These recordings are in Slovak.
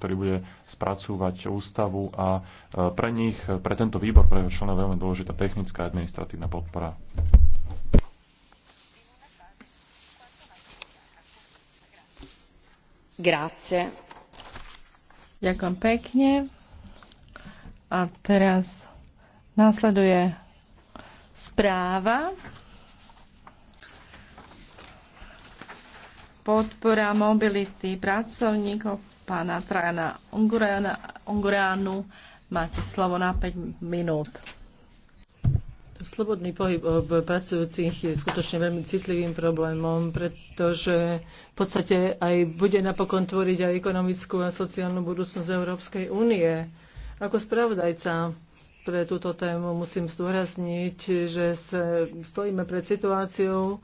ktorý bude spracúvať ústavu a e, pre nich, pre tento výbor, pre jeho členov veľmi dôležitá technická a administratívna podpora. Grazie. Ďakujem pekne. A teraz následuje správa. podpora mobility pracovníkov pána Trajana Ongureanu. Máte slovo na 5 minút. Slobodný pohyb pracujúcich je skutočne veľmi citlivým problémom, pretože v podstate aj bude napokon tvoriť aj ekonomickú a sociálnu budúcnosť Európskej únie. Ako spravodajca pre túto tému musím zdôrazniť, že stojíme pred situáciou,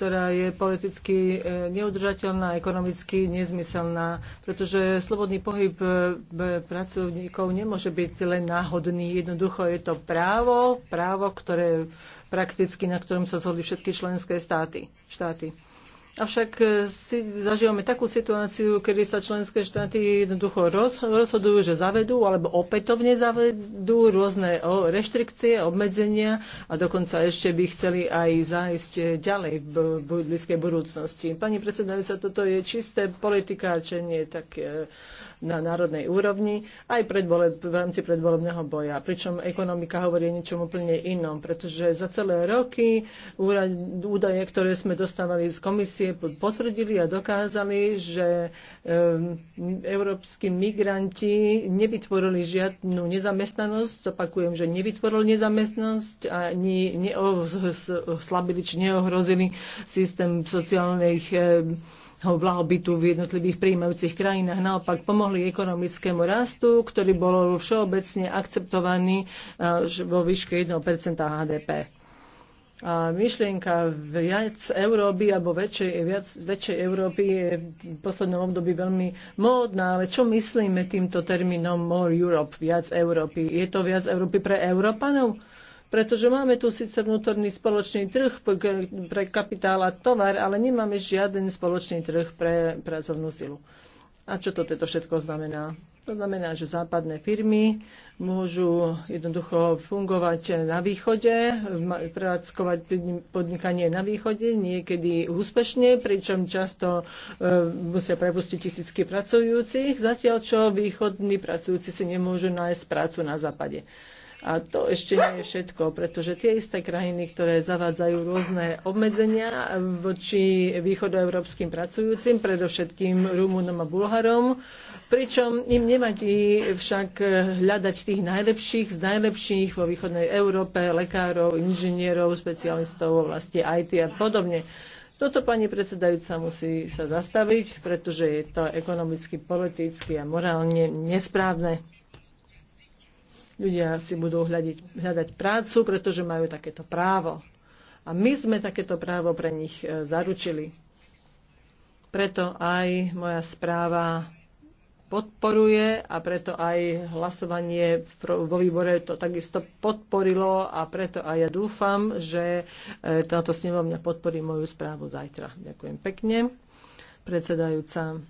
ktorá je politicky e, neudržateľná, ekonomicky nezmyselná, pretože slobodný pohyb e, pracovníkov nemôže byť len náhodný. Jednoducho je to právo, právo, ktoré prakticky, na ktorom sa zhodli všetky členské státy. štáty. Avšak e, si zažívame takú situáciu, kedy sa členské štáty jednoducho rozhodujú, že zavedú alebo opätovne zavedú rôzne reštrikcie, obmedzenia a dokonca ešte by chceli aj zájsť ďalej v blízkej budúcnosti. Pani predsedajúca, toto je čisté politikáčenie tak e, na národnej úrovni aj predvole, v rámci predvolebného boja. Pričom ekonomika hovorí o ničom úplne inom, pretože za celé roky údaje, ktoré sme dostávali z komisie, inštitúcie potvrdili a dokázali, že európsky migranti nevytvorili žiadnu nezamestnanosť. Opakujem, že nevytvorili nezamestnanosť ani neoslabili či neohrozili systém sociálnych blahobytu v jednotlivých príjmajúcich krajinách. Naopak pomohli ekonomickému rastu, ktorý bol všeobecne akceptovaný vo výške 1% HDP. A myšlienka viac Európy alebo väčšej, viac, väčšej Európy je v poslednom období veľmi módna, ale čo myslíme týmto termínom More Europe, viac Európy? Je to viac Európy pre Európanov? pretože máme tu síce vnútorný spoločný trh pre kapitál a tovar, ale nemáme žiaden spoločný trh pre pracovnú silu. A čo to toto všetko znamená? To znamená, že západné firmy môžu jednoducho fungovať na východe, prevádzkovať podnikanie na východe, niekedy úspešne, pričom často e, musia prepustiť tisícky pracujúcich, zatiaľ čo východní pracujúci si nemôžu nájsť prácu na západe. A to ešte nie je všetko, pretože tie isté krajiny, ktoré zavádzajú rôzne obmedzenia voči východoeurópskym pracujúcim, predovšetkým Rumunom a Bulharom, pričom im nevadí však hľadať tých najlepších z najlepších vo východnej Európe, lekárov, inžinierov, specialistov vo vlasti IT a podobne. Toto pani predsedajúca musí sa zastaviť, pretože je to ekonomicky, politicky a morálne nesprávne. Ľudia si budú hľadiť, hľadať prácu, pretože majú takéto právo. A my sme takéto právo pre nich e, zaručili. Preto aj moja správa podporuje a preto aj hlasovanie vo výbore to takisto podporilo a preto aj ja dúfam, že e, táto snemovňa podporí moju správu zajtra. Ďakujem pekne. Predsedajúca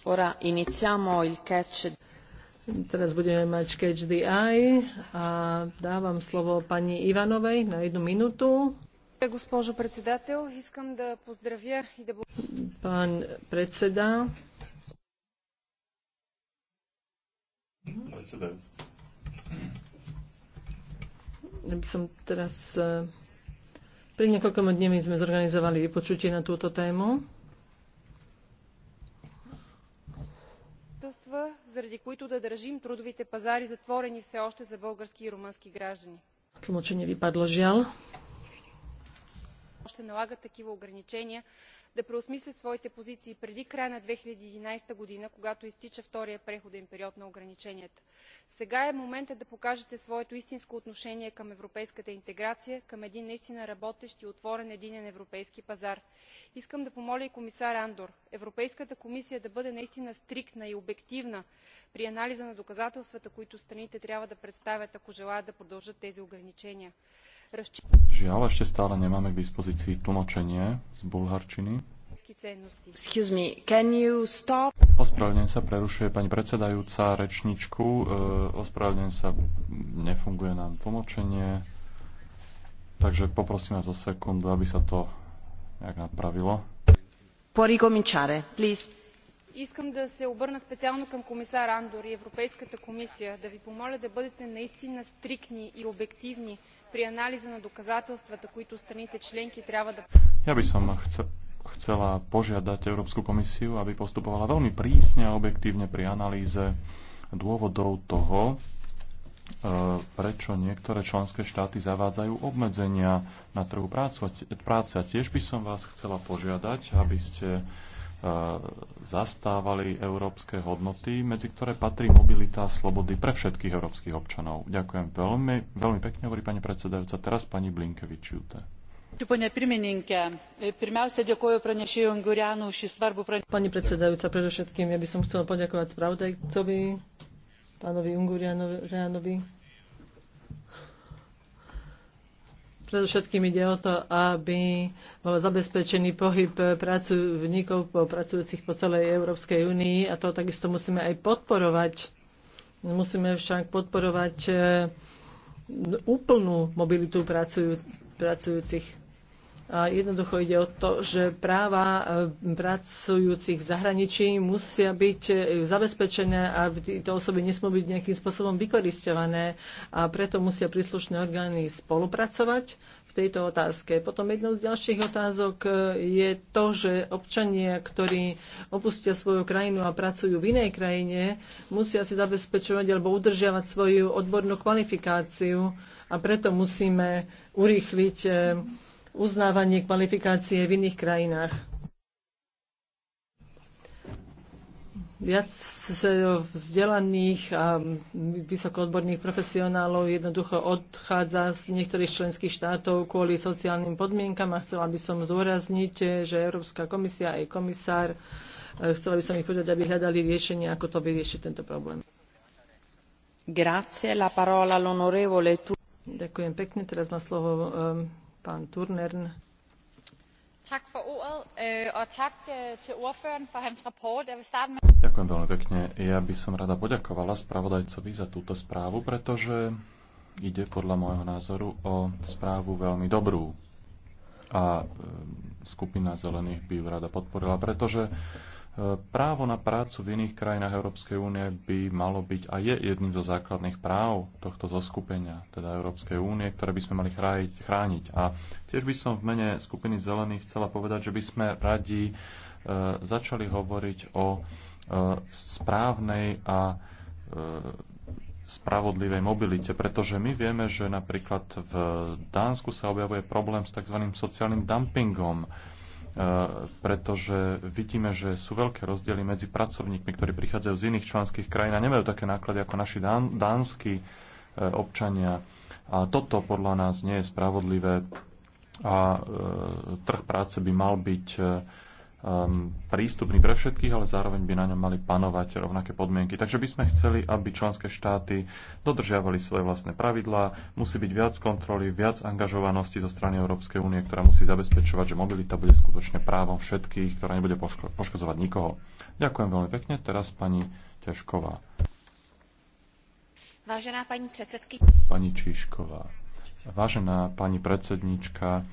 Teraz budeme mať catch the eye a dávam slovo pani Ivanovej na jednu minútu. Pán predseda. Ja by som teraz... Eh, pred niekoľkými dňami sme zorganizovali vypočutie na túto tému. предизвикателства заради които да държим трудовите пазари затворени все още за български и румънски граждани. Тлумачение ви падла жал. Още налагат такива ограничения да преосмисли своите позиции преди края на 2011 г., когато изтича втория преходен период на ограниченията. Сега е моментът да покажете своето истинско отношение към европейската интеграция, към един наистина работещ и отворен единен европейски пазар. Искам да помоля и комисар Андор, Европейската комисия да бъде наистина стриктна и обективна при анализа на доказателствата, които страните трябва да представят, ако желаят да продължат тези ограничения. Разчитам... Žiaľ, ešte stále nemáme k dispozícii tlmočenie z bulharčiny. Ospravedlňujem sa, prerušuje pani predsedajúca rečničku. E, ospravedlňujem sa, nefunguje nám tlmočenie. Takže poprosím vás o sekundu, aby sa to nejak napravilo. Può ricominciare, please. Искам да се обърна специално към комисар Андор и Европейската комисия да ви помоля да бъдете наистина стрикни и обективни при анализа на доказателствата, които страните членки трябва да... Ja by som chcel, chcela požiadať Európsku komisiu, aby postupovala veľmi prísne a objektívne pri analýze dôvodov toho, e, prečo niektoré členské štáty zavádzajú obmedzenia na trhu práce. A tiež by som vás chcela požiadať, aby ste e, zastávali európske hodnoty, medzi ktoré patrí mobilita a slobody pre všetkých európskych občanov. Ďakujem veľmi, veľmi pekne, hovorí pani predsedajúca. Teraz pani Blinkevičiute. Pani predsedajúca, predovšetkým ja by som chcela poďakovať spravodajcovi, pánovi Ungurianovi. Predovšetkým ide o to, aby bol zabezpečený pohyb pracovníkov pracujúcich po celej Európskej únii a to takisto musíme aj podporovať. Musíme však podporovať e, úplnú mobilitu pracujúcich pracujúcich. A jednoducho ide o to, že práva e, pracujúcich v zahraničí musia byť e, zabezpečené a tieto osoby nesmú byť nejakým spôsobom vykoristované a preto musia príslušné orgány spolupracovať v tejto otázke. Potom jednou z ďalších otázok e, je to, že občania, ktorí opustia svoju krajinu a pracujú v inej krajine, musia si zabezpečovať alebo udržiavať svoju odbornú kvalifikáciu a preto musíme urýchliť eh, uznávanie kvalifikácie v iných krajinách. viac vzdelaných a vysokoodborných profesionálov jednoducho odchádza z niektorých členských štátov kvôli sociálnym podmienkam a chcela by som zdôrazniť, že Európska komisia aj komisár, eh, chcela by som ich povedať, aby hľadali riešenie, ako to vyriešiť tento problém. Grazie, la parola l'onorevole tu. Ďakujem pekne. Teraz má slovo um, pán Turnern. Tak for ordet, a øh, tak øh, til ordføreren for hans rapport. Jeg vil starte med... Ďakujem veľmi pekne. Ja by som rada poďakovala spravodajcovi za túto správu, pretože ide podľa môjho názoru o správu veľmi dobrú. A ehm, skupina zelených by ju rada podporila, pretože E, právo na prácu v iných krajinách Európskej únie by malo byť a je jedným zo základných práv tohto zoskupenia, teda Európskej únie, ktoré by sme mali chrániť. A tiež by som v mene skupiny zelených chcela povedať, že by sme radi e, začali hovoriť o e, správnej a spravodlivej mobilite, pretože my vieme, že napríklad v Dánsku sa objavuje problém s tzv. sociálnym dumpingom E, pretože vidíme, že sú veľké rozdiely medzi pracovníkmi, ktorí prichádzajú z iných členských krajín a nemajú také náklady ako naši dánsky e, občania. A toto podľa nás nie je spravodlivé a e, trh práce by mal byť um, prístupný pre všetkých, ale zároveň by na ňom mali panovať rovnaké podmienky. Takže by sme chceli, aby členské štáty dodržiavali svoje vlastné pravidlá, musí byť viac kontroly, viac angažovanosti zo strany Európskej únie, ktorá musí zabezpečovať, že mobilita bude skutočne právom všetkých, ktorá nebude poškodzovať nikoho. Ďakujem veľmi pekne. Teraz pani Ťažková. Vážená pani predsedky. Pani Čišková. Vážená pani predsednička,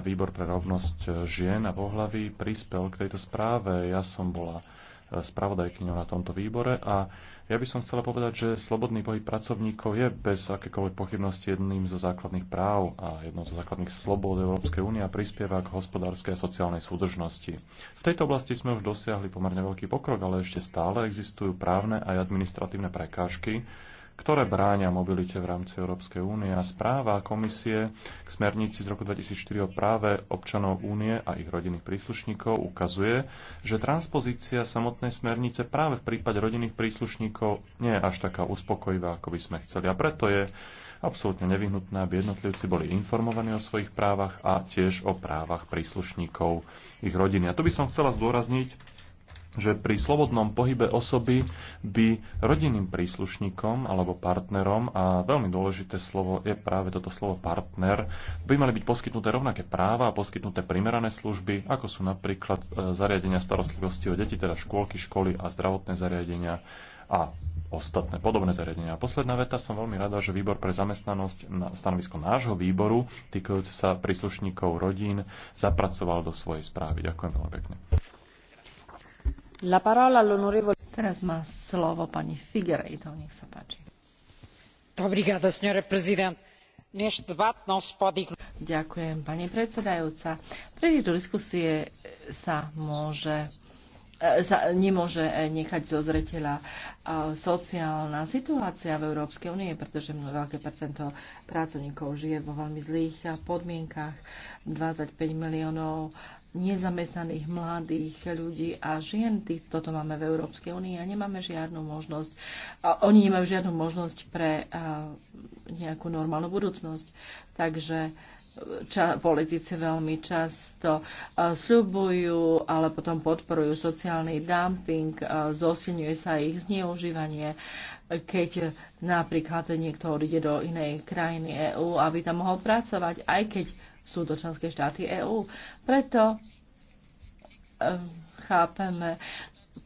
Výbor pre rovnosť e, žien a pohlaví prispel k tejto správe. Ja som bola e, spravodajkyňou na tomto výbore a ja by som chcela povedať, že slobodný pohyb pracovníkov je bez akékoľvek pochybnosti jedným zo základných práv a jednou zo základných slobod Európskej únie a prispieva k hospodárskej a sociálnej súdržnosti. V tejto oblasti sme už dosiahli pomerne veľký pokrok, ale ešte stále existujú právne aj administratívne prekážky, ktoré bránia mobilite v rámci Európskej únie. A správa komisie k smernici z roku 2004 o práve občanov únie a ich rodinných príslušníkov ukazuje, že transpozícia samotnej smernice práve v prípade rodinných príslušníkov nie je až taká uspokojivá, ako by sme chceli. A preto je absolútne nevyhnutné, aby jednotlivci boli informovaní o svojich právach a tiež o právach príslušníkov ich rodiny. A tu by som chcela zdôrazniť, že pri slobodnom pohybe osoby by rodinným príslušníkom alebo partnerom, a veľmi dôležité slovo je práve toto slovo partner, by mali byť poskytnuté rovnaké práva a poskytnuté primerané služby, ako sú napríklad e, zariadenia starostlivosti o deti, teda škôlky, školy a zdravotné zariadenia a ostatné podobné zariadenia. Posledná veta, som veľmi rada, že výbor pre zamestnanosť na stanovisko nášho výboru týkajúce sa príslušníkov rodín zapracoval do svojej správy. Ďakujem veľmi pekne. Teraz má slovo pani Figueiredo, nech sa páči. Ďakujem, pani predsedajúca. Pri tejto diskusie sa môže e, sa nemôže e, nechať zo zreteľa e, sociálna situácia v Európskej únie, pretože veľké percento pracovníkov žije vo veľmi zlých podmienkach. 25 miliónov nezamestnaných mladých ľudí a žien. Toto máme v Európskej únii a nemáme žiadnu možnosť, a oni nemajú žiadnu možnosť pre nejakú normálnu budúcnosť. Takže e, ča, politici veľmi často e, sľubujú, ale potom podporujú sociálny dumping, e, zosilňuje sa ich zneužívanie keď napríklad niekto odíde do inej krajiny EÚ, aby tam mohol pracovať, aj keď sú to členské štáty EÚ. Preto eh, chápeme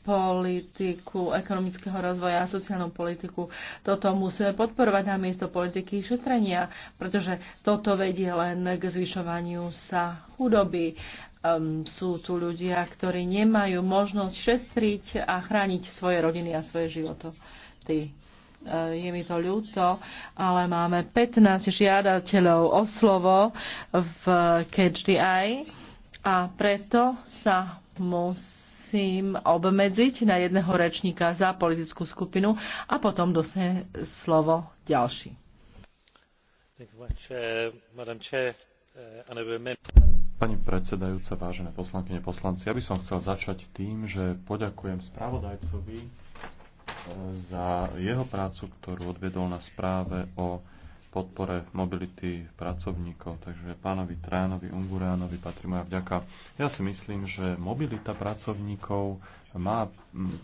politiku ekonomického rozvoja a sociálnu politiku. Toto musíme podporovať na miesto politiky šetrenia, pretože toto vedie len k zvyšovaniu sa chudoby. Um, sú tu ľudia, ktorí nemajú možnosť šetriť a chrániť svoje rodiny a svoje životy. Eh, je mi to ľúto, ale máme 15 žiadateľov o slovo v Catch the Eye a preto sa musím obmedziť na jedného rečníka za politickú skupinu a potom dostane slovo ďalší. Eh, eh, Pani predsedajúca, vážené poslankyne, poslanci, ja by som chcel začať tým, že poďakujem spravodajcovi za jeho prácu, ktorú odvedol na správe o podpore mobility pracovníkov. Takže pánovi Tránovi, Unguránovi patrí moja vďaka. Ja si myslím, že mobilita pracovníkov má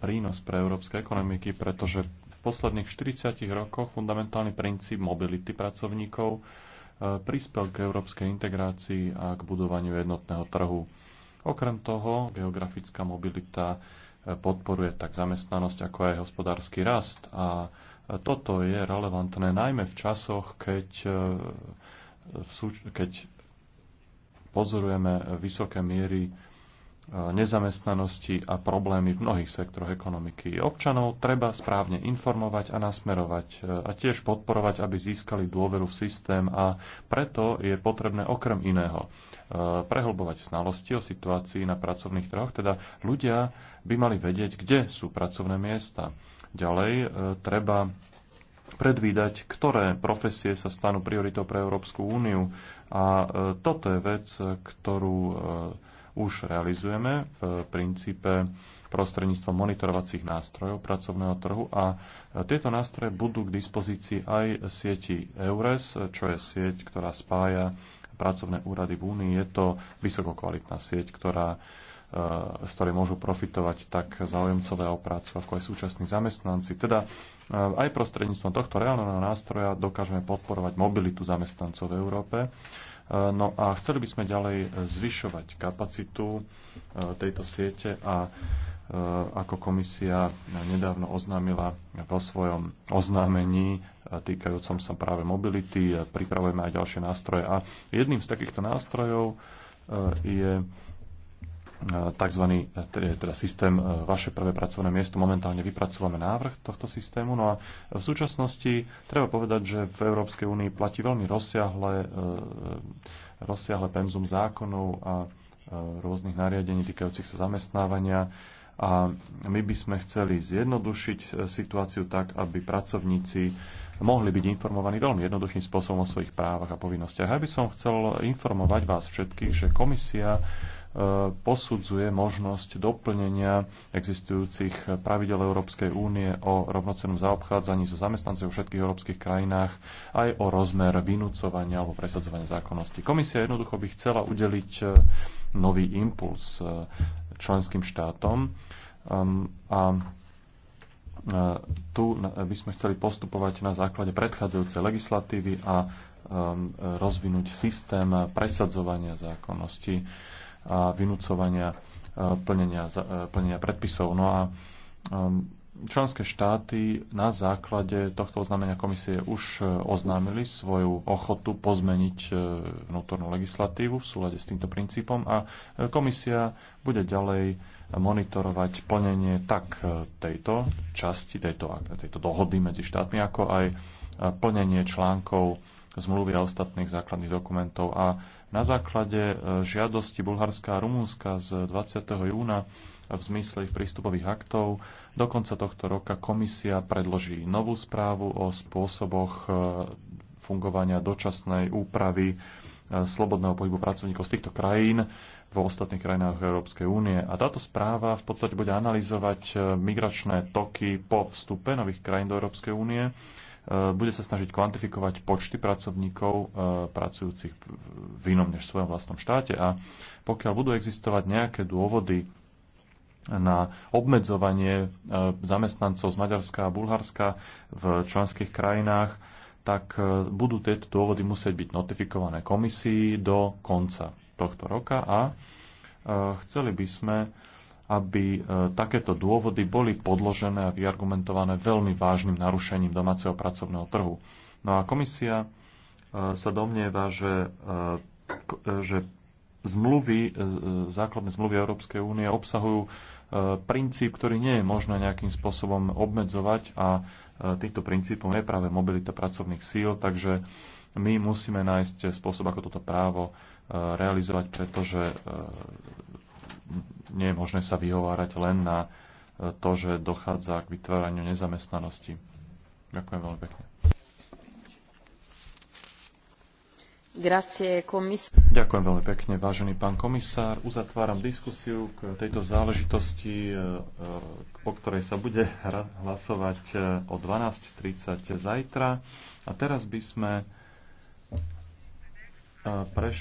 prínos pre európske ekonomiky, pretože v posledných 40 rokoch fundamentálny princíp mobility pracovníkov e, prispel k európskej integrácii a k budovaniu jednotného trhu. Okrem toho, geografická mobilita podporuje tak zamestnanosť, ako aj hospodársky rast. A toto je relevantné najmä v časoch, keď, e, keď pozorujeme vysoké miery nezamestnanosti a problémy v mnohých sektoroch ekonomiky. Občanov treba správne informovať a nasmerovať e, a tiež podporovať, aby získali dôveru v systém a preto je potrebné okrem iného e, prehlbovať znalosti o situácii na pracovných trhoch, teda ľudia by mali vedieť, kde sú pracovné miesta. Ďalej e, treba predvídať, ktoré profesie sa stanú prioritou pre Európsku úniu. A toto je vec, ktorú už realizujeme v princípe prostredníctvom monitorovacích nástrojov pracovného trhu a tieto nástroje budú k dispozícii aj sieti EURES, čo je sieť, ktorá spája pracovné úrady v Únii. Je to vysokokvalitná sieť, ktorá e, z ktorej môžu profitovať tak záujemcovia o prácu, ako aj súčasní zamestnanci. Teda e, aj prostredníctvom tohto reálneho nástroja dokážeme podporovať mobilitu zamestnancov v Európe Eh, no a chceli by sme ďalej zvyšovať kapacitu eh, tejto siete a eh, ako komisia nedávno oznámila vo svojom oznámení týkajúcom sa práve mobility, pripravujeme aj ďalšie nástroje. A jedným z takýchto nástrojov je E, tzv. E, e, teda systém vaše prvé pracovné miesto. Momentálne vypracovame návrh tohto systému. No a v súčasnosti treba povedať, že v Európskej únii platí veľmi rozsiahle, rozsiahle penzum zákonov a rôznych nariadení týkajúcich sa zamestnávania. A my by sme chceli zjednodušiť situáciu tak, aby pracovníci mohli byť informovaní veľmi jednoduchým spôsobom o svojich právach a povinnostiach. Ja by som chcel informovať vás všetkých, že komisia posudzuje možnosť doplnenia existujúcich pravidel Európskej únie o rovnocenom zaobchádzaní so zamestnancov vo všetkých európskych krajinách aj o rozmer vynúcovania alebo presadzovania zákonnosti. Komisia jednoducho by chcela udeliť e, nový impuls e, členským štátom ehm, a e, tu by sme chceli postupovať na základe predchádzajúcej legislatívy a ehm, rozvinúť systém presadzovania zákonnosti a vynúcovania e, plnenia, e, plnenia predpisov. No a um, členské štáty na základe tohto oznámenia komisie už e, oznámili svoju ochotu pozmeniť vnútornú legislatívu v súlade s týmto princípom a komisia bude ďalej monitorovať plnenie tak tejto časti, tejto, tejto dohody medzi štátmi, ako aj plnenie článkov zmluvy a ostatných základných dokumentov. A na základe e, žiadosti Bulharska a Rumúnska z 20. júna v zmysle ich prístupových aktov do konca tohto roka komisia predloží novú správu o spôsoboch e, fungovania dočasnej úpravy e, slobodného pohybu pracovníkov z týchto krajín vo ostatných krajinách Európskej únie. A táto správa v podstate bude analyzovať migračné toky po vstupe nových krajín do Európskej únie E, bude sa snažiť kvantifikovať počty pracovníkov e, pracujúcich v inom než v svojom vlastnom štáte a pokiaľ budú existovať nejaké dôvody na obmedzovanie e, zamestnancov z Maďarska a Bulharska v členských krajinách, tak budú tieto dôvody musieť byť notifikované komisii do konca tohto roka a chceli by sme aby e, takéto dôvody boli podložené a vyargumentované veľmi vážnym narušením domáceho pracovného trhu. No a komisia e, sa domnieva, že, e, že zmluvy, základné zmluvy Európskej únie obsahujú princíp, ktorý nie je možné nejakým spôsobom obmedzovať a týmto princípom je práve mobilita pracovných síl, takže my musíme nájsť spôsob, ako toto právo realizovať, pretože nie je možné sa vyhovárať len na e, to, že dochádza k vytváraniu nezamestnanosti. Ďakujem veľmi pekne. Grazie, Ďakujem veľmi pekne, vážený pán komisár. Uzatváram diskusiu k tejto záležitosti, e, e, o ktorej sa bude hlasovať o 12.30 zajtra. A teraz by sme prešli